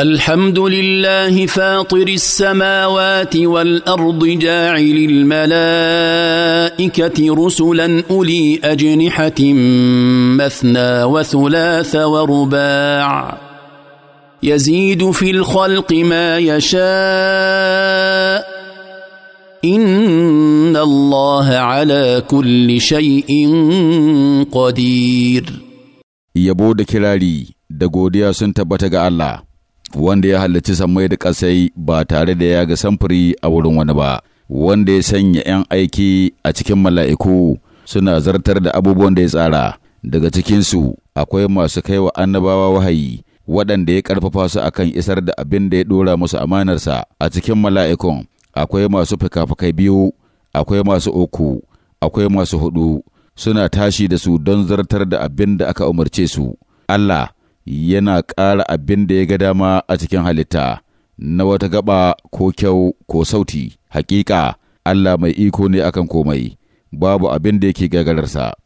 الحمد لله فاطر السماوات والارض جاعل الملائكه رسلا اولي اجنحه مثنى وثلاث ورباع يزيد في الخلق ما يشاء ان الله على كل شيء قدير يبود كلالي da godiya الله wanda ya halarci sammai da ƙasai ba tare da ya ga samfuri a wurin wani ba, wanda ya sanya ‘yan aiki a cikin mala'iku suna zartar da abubuwan da ya tsara, daga cikinsu akwai masu kai wa annabawa wahayi, waɗanda ya ƙarfafa su akan isar da abin da ya ɗora musu amanarsa a cikin mala'ikun, akwai masu fikafikai biyu, akwai masu uku, akwai masu huɗu, suna tashi da su don zartar da abin da aka umarce su. Allah yana ƙara abin da ya ga dama a cikin halitta na wata gaba ko kyau ko sauti hakika Allah mai iko ne akan komai babu abin da yake gagararsa